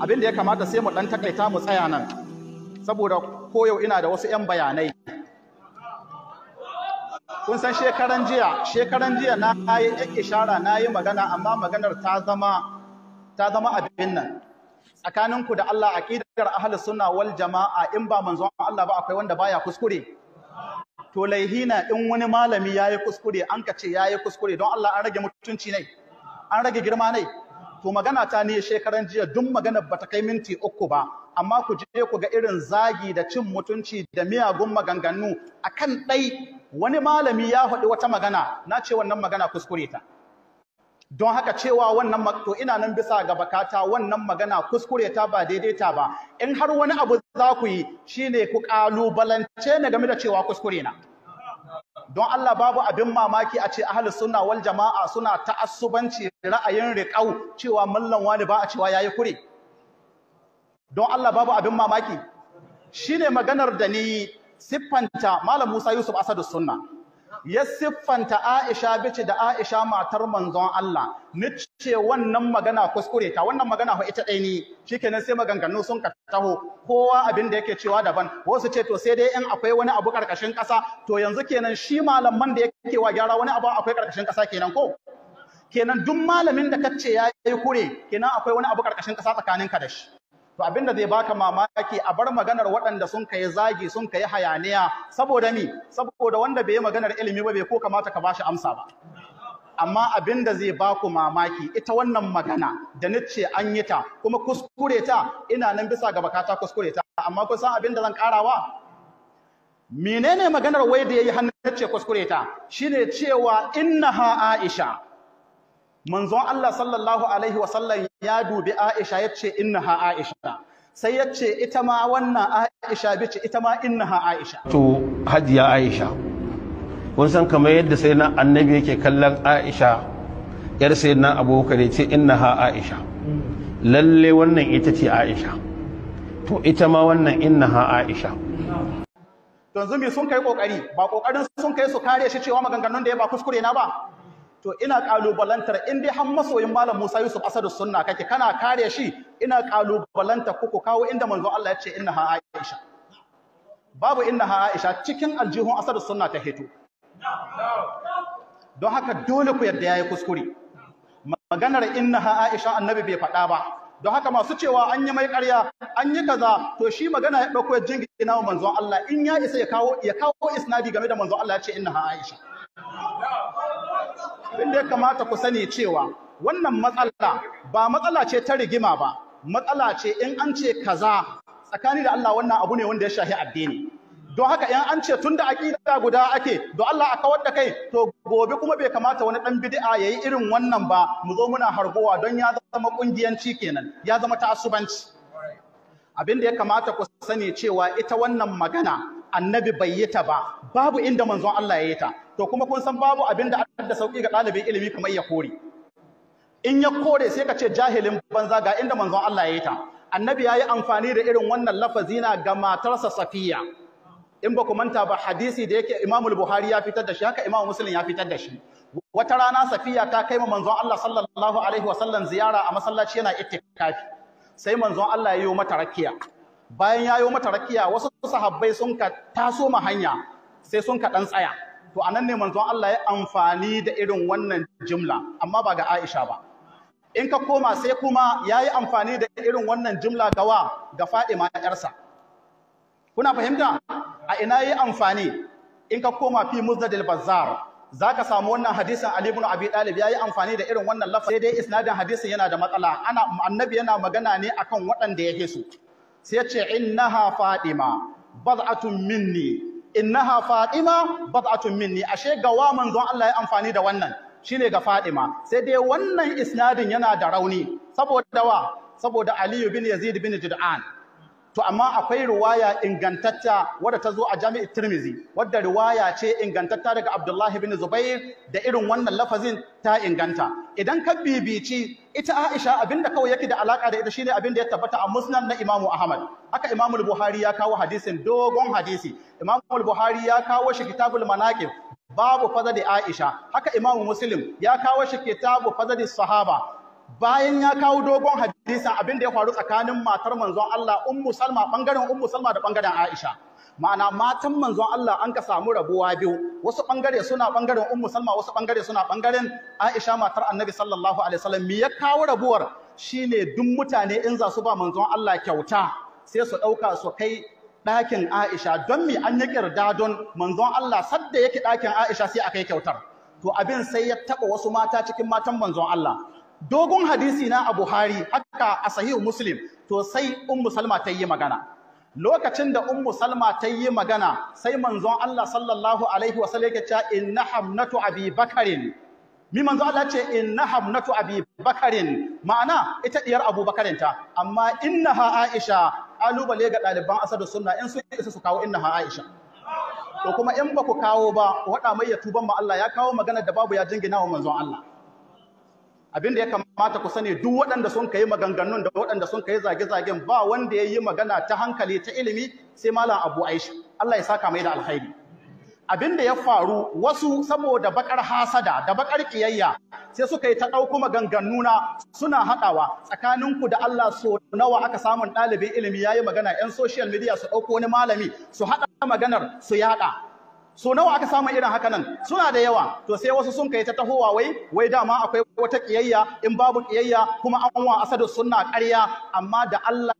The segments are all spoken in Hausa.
abin da ya kamata sai mu ɗan takaita mu tsaya nan saboda koyau ina da wasu 'yan bayanai kun san shekaran jiya shekaran jiya na yi ishara na yi magana amma maganar ta zama ta zama abin nan tsakaninku da Allah aqidar ahli sunna wal jama'a in ba manzon Allah ba akwai wanda baya kuskure to laihina in wani malami yayi kuskure an ka ce yayi kuskure don Allah an rage mutunci ne an rage girma ne to magana ta ne shekaran jiya duk maganar bata kai minti uku ba amma ku je ku ga irin zagi da cin mutunci da miyagun maganganu akan ɗai wani malami ya faɗi wata magana na ce wannan magana kuskure ta don haka cewa wannan to ina nan bisa ga bakata wannan magana kuskure ta ba daidai ta ba in har wani abu za ku yi shine ku ƙalubalance ni game da cewa kuskure na don Allah babu abin mamaki a ce ahlus sunna wal jama'a suna ta'assubanci ra'ayin riqau cewa mallan wani ba a cewa yi kure don Allah babu abin mamaki shine maganar da ni siffanta malam Musa Yusuf Asadu Sunna ya siffanta Aisha bice da Aisha matar manzon Allah Ni ce wannan magana kuskure ta wannan magana ho ita ɗaya ne shikenan sai maganganu sun kataho kowa abin da yake cewa daban wasu ce to sai dai in akwai wani abu karkashin kasa to yanzu kenan shi malaman da yake wa gyara wani abu akwai karkashin kasa kenan ko kenan duk malamin da kace yayi kure kenan akwai wani abu karkashin kasa tsakaninka da shi to abinda zai baka mamaki a bar maganar waɗanda sun kai zagi sun kai hayaniya saboda mi saboda wanda bai yi maganar ilimi ba bai ko kamata ka bashi amsa ba amma abin da zai baku mamaki ita wannan magana da nace an yi ta kuma kuskure ta ina nan bisa ga bakata kuskure ta amma kun san abin da zan karawa menene maganar wai da yayi hannu nace kuskure ta shine cewa innaha aisha manzon Allah sallallahu alaihi wasallam ya dubi Aisha yace innaha Aisha sai yace ita ma wannan Aisha bice ita ma innaha Aisha to hajiya Aisha kun san kamar yadda sai na annabi yake kallon Aisha yar sai na Abubakar yace innaha Aisha lalle wannan ita ce Aisha to ita ma wannan innaha Aisha yanzu me sun kai kokari ba kokarin sun kai su kare shi cewa maganganun da ya ba kuskure na ba to ina kalubalantar in dai har masoyin malam Musa Yusuf Asadu Sunna kake kana kare shi ina kalubalantar kuku kawo inda manzo Allah ya ce inna ha Aisha babu inna ha Aisha cikin aljihun Asadu Sunna ta heto. don haka dole ku yarda yayi kuskure maganar inna ha Aisha annabi bai faɗa ba don haka masu cewa an yi mai ƙarya an yi kaza to shi magana ya ɗauko ya jingina wa manzon Allah in ya isa ya kawo ya kawo isnadi game da manzon Allah ya ce inna ha Aisha abin ya kamata ku sani cewa wannan matsala ba matsala ce ta rigima ba matsala ce in an ce kaza tsakani da Allah wannan abu ne wanda ya shahi addini don haka in an ce tun tunda aqida guda ake don Allah a kawar da kai to gobe kuma bai kamata wani ɗan bidi'a ya yi irin wannan ba mu zo muna hargowa don ya zama kungiyanci kenan ya zama ta asubanci. abin da ya kamata ku sani cewa ita wannan magana annabi bai yi ta ba babu inda manzon Allah ya yi ta to kuma kun san babu abin da da sauki ga ɗalibin ilimi kamar ya kore in ya kore sai ka ce jahilin banza ga inda manzon Allah ya yi ta annabi ya yi amfani da irin wannan lafazi na ga matarsa safiya in ba ku manta ba hadisi da yake imamu buhari ya fitar da shi haka imamu muslim ya fitar da shi wata rana safiya ta kai wa manzon Allah sallallahu alaihi wasallam ziyara a masallaci yana ittikafi sai manzon Allah ya yi mata rakiya bayan yayo mata rakiya wasu sahabbai sun ka taso ma hanya sai sun ka dan tsaya to anan ne manzon Allah ya amfani da irin wannan jumla amma ba ga Aisha ba in ka koma sai kuma yayi amfani da irin wannan jumla gawa ga Fadima yarsa kuna fahimta a ina yayi amfani in ka koma fi Muzdadil Bazzar za ka samu wannan hadisin Ali ibn Abi Talib yayi amfani da irin wannan lafazi sai dai isnadin hadisin yana da matsala ana annabi yana magana ne akan waɗanda yake so sai ya ce innaha fadima bad'atun minni innaha fadima bad'atun minni ashe gawa manzon Allah ya amfani da wannan shine ga Faɗima sai dai wannan isnadin yana da rauni saboda wa saboda Ali bin Yazid bin Jud'an to amma akwai riwaya ingantatta wadda ta zo a jami'i tirmizi wadda riwaya ce ingantatta daga abdullahi bin zubair da irin wannan lafazin ta inganta idan ka bibici ita aisha abinda kawai yake da alaka da ita shine abinda ya tabbata a musnad na imamu ahmad haka imamu buhari ya kawo hadisin dogon hadisi imamu buhari ya kawo shi kitabul manaqib babu fadadi aisha haka imamu muslim ya kawo shi kitabu fadadi sahaba bayan ya kawo dogon hadisin abin da ya faru tsakanin matar manzon Allah Ummu Salma bangaren Ummu Salma da bangaren Aisha ma'ana matan manzon Allah an ka samu rabuwa biyu wasu bangare suna bangaren Ummu Salma wasu bangare suna bangaren Aisha matar Annabi sallallahu alaihi wasallam me ya kawo rabuwar shine duk mutane in za su ba manzon Allah kyauta sai su dauka su kai ɗakin Aisha don me an yi don manzon Allah sadda yake ɗakin Aisha sai akai kyautar to abin sai ya taba wasu mata cikin matan manzon Allah dogon hadisi na a Buhari haka a sahihu Muslim to sai Ummu Salma ta yi magana lokacin da Ummu Salma ta yi magana sai manzon Allah sallallahu alaihi wasallam yake cewa inna hamnatu Abi Bakarin mi manzon Allah ce inna hamnatu Abi Bakarin ma'ana ita ɗiyar Abu Bakarin ta amma ha Aisha alubale ga ɗaliban asadu sunna in sun isa su kawo ha Aisha to kuma in ba ku kawo ba waɗa mai ya tuban ma Allah ya kawo magana da babu ya jingina wa manzon Allah abin da ya kamata ku sani duk waɗanda sun kai maganganun da waɗanda sun kai zage-zagen ba wanda ya yi magana ta hankali ta ilimi sai malam abu aishi Allah ya saka mai da alkhairi abin da ya faru wasu saboda bakar hasada da bakar kiyayya sai suka yi ta ɗauko maganganuna, suna haɗawa tsakaninku da Allah so nawa aka samun ɗalibin ilimi ya yi magana 'yan social media su ɗauko wani malami su haɗa maganar su yaɗa so nawa aka samu irin haka nan suna da yawa to sai wasu sun kai ta tahowa wai wai dama akwai wata kiyayya in babu kiyayya kuma an wa asadu sunna ƙarya amma da Allah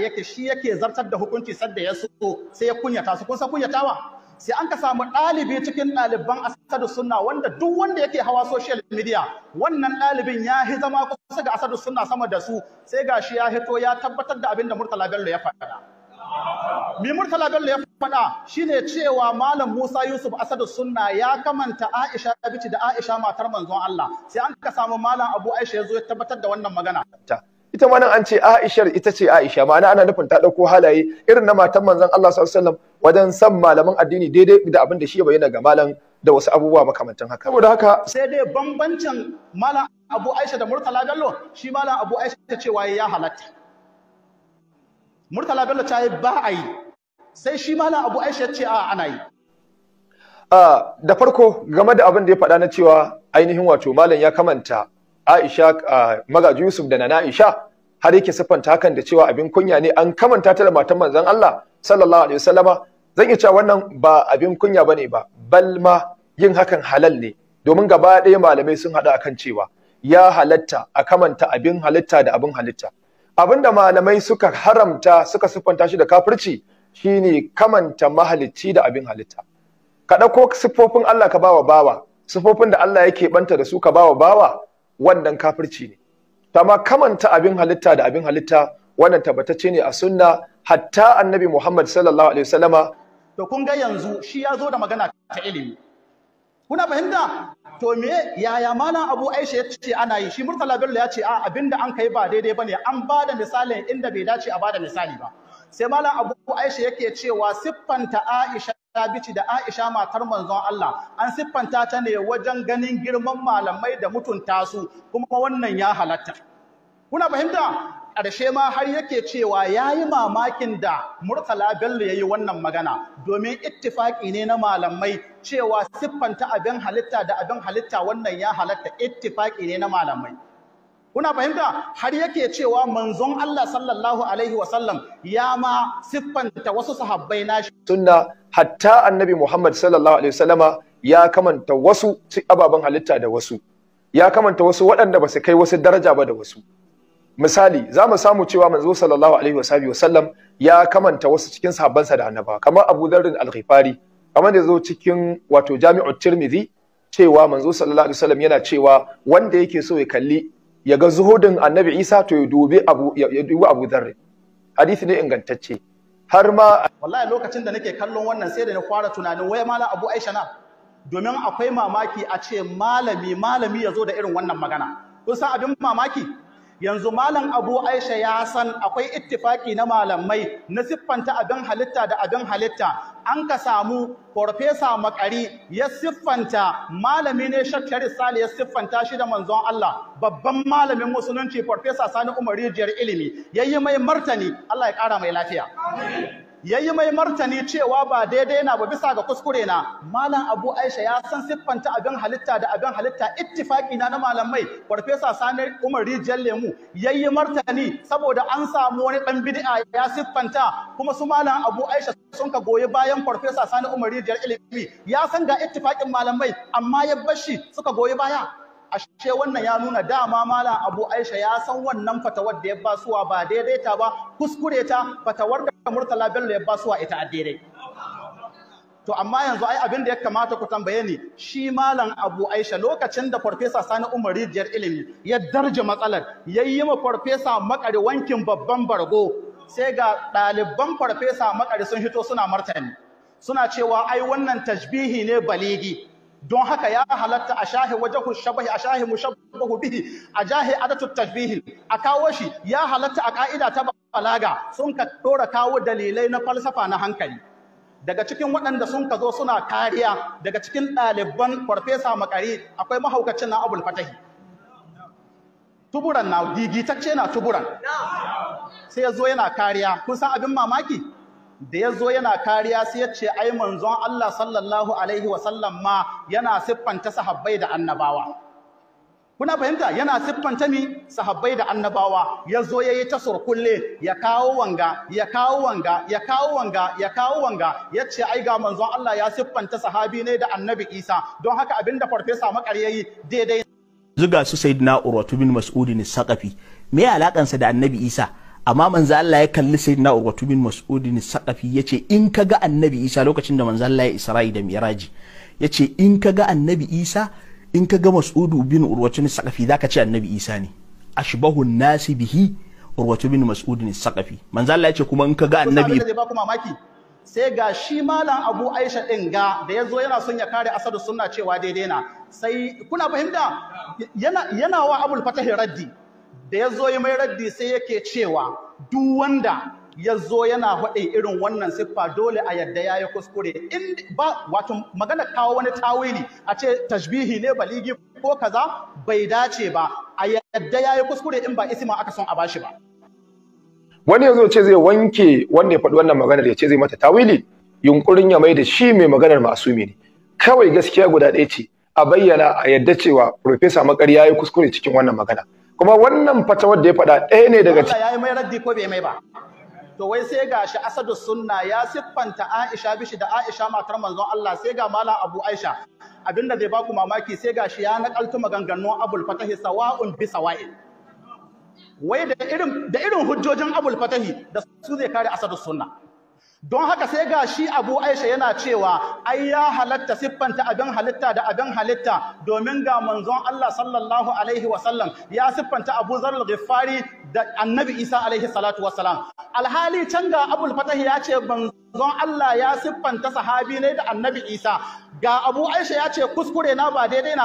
yake shi yake zartar da hukunci sadda ya so sai ya kunyata su kun san kunyatawa sai an ka samu ɗalibi cikin ɗaliban asadu sunna wanda duk wanda yake hawa social media wannan ɗalibin ya hi zama kusa ga asadu sunna sama da su sai gashi ya hito ya tabbatar da abin da murtala bello ya faɗa mi murtala bello ya faɗa shine cewa malam Musa Yusuf Asadu Sunna ya kamanta Aisha bici da Aisha matar manzon Allah sai an ka samu malam Abu Aisha ya zo ya tabbatar da wannan magana ita ma nan an ce Aishar ita ce Aisha ma'ana ana nufin ta ɗauko halaye irin na matan manzon Allah sallallahu alaihi wajen san malaman addini daidai da abin da shi ya bayyana ga malam da wasu abubuwa makamantan haka saboda haka sai dai bambancin malam Abu Aisha da Murtala Bello shi malam Abu Aisha ce waye ya halatta murtala bello ta yi ba a yi sai shi na abu aisha ce a ana yi da farko game da abin da ya faɗa na cewa ainihin wato malam ya kamanta aisha magaji yusuf da nana aisha har yake siffanta hakan da cewa abin kunya ne an kamanta ta da matan manzon Allah sallallahu alaihi wasallama zan iya cewa wannan ba abin kunya ne ba balma yin hakan halal ne domin gaba ɗaya malamai sun haɗu akan cewa ya halatta a kamanta abin halitta da abin halitta abinda malamai suka haramta suka siffanta shi da kafirci ne kamanta mahalicci da abin halitta ka ɗauko siffofin Allah ka bawa bawa siffofin da Allah yake banta da su ka bawa bawa wannan kafirci ne tama kamanta abin halitta da abin halitta wannan tabbatacce ne a sunna hatta annabi Muhammad sallallahu alaihi wasallama to kun ga yanzu shi ya zo da magana ta ilimi kuna fahimta to me yaya malam Abu Aisha ya ce ana yi shi Murtala Bello ya ce a abinda an kai ba daidai bane an bada misalin inda bai dace a bada misali ba sai malam Abu Aisha yake cewa siffanta Aisha ta bici da Aisha matar manzon Allah an siffanta ta ne wajen ganin girman malamai da mutunta su kuma wannan ya halatta kuna fahimta ƙarshe ma har yake cewa ya yi mamakin da Murtala Bello ya yi wannan magana domin ittifaƙi ne na malamai cewa siffanta abin halitta da abin halitta wannan ya halatta ittifaƙi ne na malamai. Kuna fahimta har yake cewa manzon Allah sallallahu alaihi wasallam ya ma siffanta wasu sahabbai nashi. Sunna hatta annabi Muhammad sallallahu alaihi wasallama ya kamanta wasu ababen halitta da wasu. Ya kamanta wasu waɗanda ba su kai wasu daraja ba da wasu. misali za mu samu cewa manzo sallallahu alaihi wa wasallam ya kamanta wasu cikin sahabbansa da annabawa kamar Abu Dharr al-Ghifari kamar da zo cikin wato Jami'u Tirmidhi cewa manzo sallallahu alaihi wasallam yana cewa wanda yake so ya kalli ya ga zuhudin Annabi Isa to ya dubi Abu ya dubi Abu Dharr hadisi ne ingantacce har ma wallahi lokacin da nake kallon wannan sai da na fara tunanin wai mala Abu Aisha na domin akwai mamaki a ce malami malami ya zo da irin wannan magana kun san abin mamaki yanzu malam abu aisha ya san akwai ittifaki na malamai na siffanta abin halitta da abin halitta an ka samu farfesa makari ya siffanta malami ne shakkar sale ya siffanta shi da manzon Allah babban malamin musulunci farfesa sani umar rijiyar ilimi yayi mai martani Allah ya kara mai lafiya Ya yi mai martani cewa ba daidai na ba bisa ga kuskure na malam Abu Aisha ya san siffanta abin halitta da abin halitta ittifaki na na malamai farfesa Sani Umar rijiyar Lemu ya yi martani saboda an samu wani dan bid'a ya siffanta kuma su malam Abu Aisha sun ka goyi bayan farfesa Sani Umar rijiyar Ilimi ya san ga ittifakin malamai amma ya bashi suka goyi baya ashe wannan ya nuna dama malam Abu Aisha ya san wannan fatawar da ya ba suwa ba daidai ta ba kuskure ta fatawar da Murtala Bello ya ba suwa ita a daidai to amma yanzu ai abin da ya kamata ku tambaye ni shi malam Abu Aisha lokacin da farfesa Sani Umar Rijiyar ilimi ya darje matsalar ya yi ma farfesa makare wankin babban bargo sai ga ɗaliban farfesa makare sun hito suna martani suna cewa ai wannan tashbihi ne baligi don haka ya halatta a shahi wajahu shabahi a shahi mushabbahu bihi a jahi adatu tashbihil a kawo shi ya halatta a ka'ida ta balaga sun ka dora kawo dalilai na falsafa na hankali daga cikin waɗanda sun ka zo suna kariya daga cikin ɗaliban farfesa makari akwai mahaukacin na abul fatahi tuburan na digitacce na tuburan sai ya zo yana kariya kun san abin mamaki da ya zo yana kariya sai ya ce ai manzon Allah sallallahu alaihi sallam ma yana siffanta sahabbai da annabawa kuna fahimta yana siffanta mi sahabbai da annabawa ya zo ya yi ta surkulle ya kawo wanga ya kawo wanga ya kawo wanga ya kawo wanga ya ce ai ga manzon Allah ya siffanta sahabi ne da annabi Isa don haka abinda farfesa makaryayi daidai zuga su sayyidina urwatu bin mas'udin saqafi me alakansa da annabi Isa amma manzo Allah ya kalli sayyidina Urwatu bin Mas'ud sakafi yace in kaga Annabi Isa lokacin da manzo Allah ya Isra'i da Miraji yace in kaga Annabi Isa in kaga Mas'ud bin Urwatu sakafi zaka ce Annabi Isa ne ashbahu nasi bihi Urwatu bin Mas'ud sakafi manzo Allah yace kuma in kaga Annabi ba kuma mamaki sai ga shi malam Abu Aisha din ga da yazo yana son ya kare asadu sunna cewa daidai na sai kuna fahimta yana yana wa Abul Fatah raddi da ya zo yi mai raddi sai yake cewa duk wanda ya zo yana haɗe irin wannan siffa dole a yadda ya yi kuskure in ba wato magana kawo wani tawili a ce tashbihi ne baligi ko kaza bai dace ba a yadda ya yi kuskure in ba isma aka son a bashi ba wani yanzu ce zai wanke wanda ya faɗi wannan maganar ya ce zai mata tawili yunkurin ya mai da shi mai maganar masumi ne kawai gaskiya guda ɗaya ce a bayyana a yadda cewa profesa makari ya yi kuskure cikin wannan magana kuma wannan fata da ya faɗa ɗaya ne daga cikin yayi mai raddi ko bai mai ba to wai sai ga shi asadu sunna ya siffanta Aisha bishi da Aisha matar manzon Allah sai ga malam Abu Aisha abinda zai baku mamaki sai ga shi ya nakaltu maganganun Abul Fatahi sawa'un bi sawa'in wai da irin da irin hujjojin Abul Fatahi da su zai kare asadu sunna don haka sai ga shi abu aisha yana cewa ai ya halatta siffanta abin halitta da abin halitta domin ga manzon Allah sallallahu alaihi wasallam ya siffanta abu zarul ghiffari da annabi isa alaihi salatu wasalam alhali can ga abul Fatah ya ce manzon Allah ya siffanta sahabi ne da annabi isa ga abu aisha ya ce kuskure na ba daidai na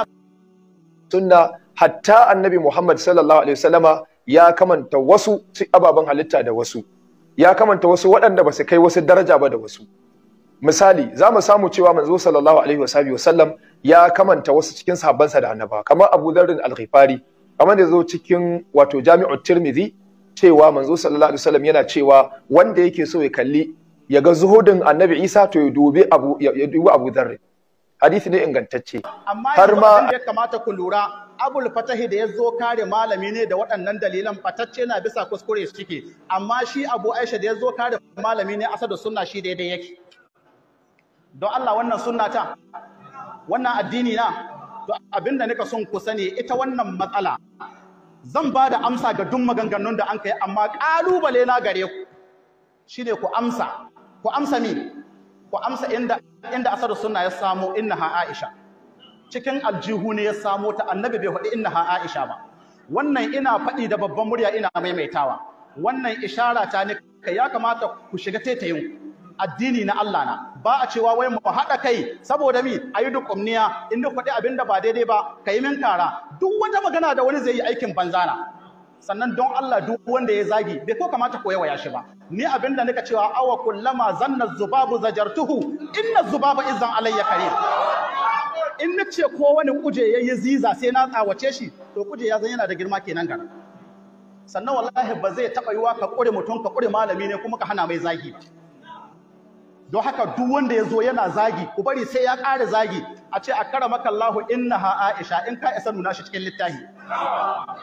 tunna hatta annabi muhammad sallallahu alaihi wasallama ya kamanta wasu ababen halitta da wasu ya kamanta wasu waɗanda ba su kai wasu daraja ba da wasu misali za mu samu cewa manzo sallallahu alaihi wa wasallam ya kamanta wasu cikin sahabbansa da annaba kamar Abu Dharr al-Ghifari kamar da zo cikin wato Jami'u Tirmidhi cewa manzo sallallahu alaihi wasallam yana cewa wanda yake so ya kalli ya ga zuhudin Annabi Isa to ya dubi Abu ya dubi Abu Dharr hadisi ne ingantacce har ma ya kamata ku lura abul fatahi da ya zo kare malami ne da waɗannan dalilan fatacce na bisa kuskure cike amma shi abu aisha da ya zo kare malami ne asadu sunna shi daidai yake don Allah wannan sunna ta wannan addini na to abinda nika son ku sani ita wannan matsala zan ba da amsa ga duk maganganun da an kai amma ƙalubale na gare ku shine ku amsa ku amsa mi ku amsa inda inda asadu sunna ya samu innaha aisha cikin aljihu ne ya samo ta annabi bai faɗi innaha aisha ba wannan ina faɗi da babban murya ina maimaitawa wannan ishara ta ne kai ya kamata ku shiga taitayin addini na Allah na ba a cewa wai mu haɗa kai saboda mi ayi duk umniya in duk faɗi abin da ba daidai ba kai min kara duk wata magana da wani zai yi aikin banzana sannan don Allah duk wanda ya zagi bai ko kamata ko yawa shi ba ni abin da nika cewa awa kullama zanna zubabu zajartuhu inna zubaba izan alayya karim in na ce ko wani kuje ya yi ziza sai na tsawace shi to kuje ya zan yana da girma kenan gara sannan wallahi ba zai taɓa yiwa ka ƙure mutum ka ƙure malami ne kuma ka hana mai zagi don haka duk wanda ya zo yana zagi ku bari sai ya ƙara zagi a ce a kara maka Allahu ha Aisha in ka isa nuna shi cikin littafi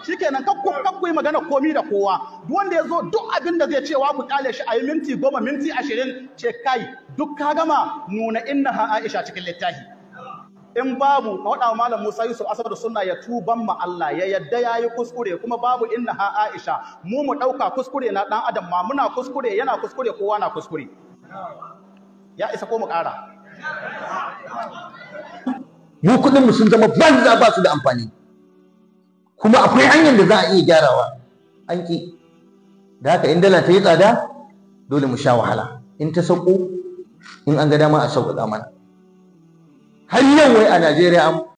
shikenan ka ku ka kuyi magana komi da kowa duk wanda ya zo duk abin da zai cewa ku kale shi a yi minti goma minti ashirin ce kai duk ka gama nuna ha Aisha cikin littafi in babu ka malam Musa Yusuf da suna ya tuban ma Allah ya yadda yayi kuskure kuma babu inna ha Aisha mu mu ɗauka kuskure na ɗan adam ma muna kuskure yana kuskure kowa na kuskure ya isa ko mu ƙara mu kudin mu sun zama banza ba su da amfani kuma akwai hanyar da za a iya gyarawa an ƙi da haka in dala ta yi tsada dole mu sha wahala in ta sauko in an ga dama a sauƙaƙa mana har yau wai a Najeriya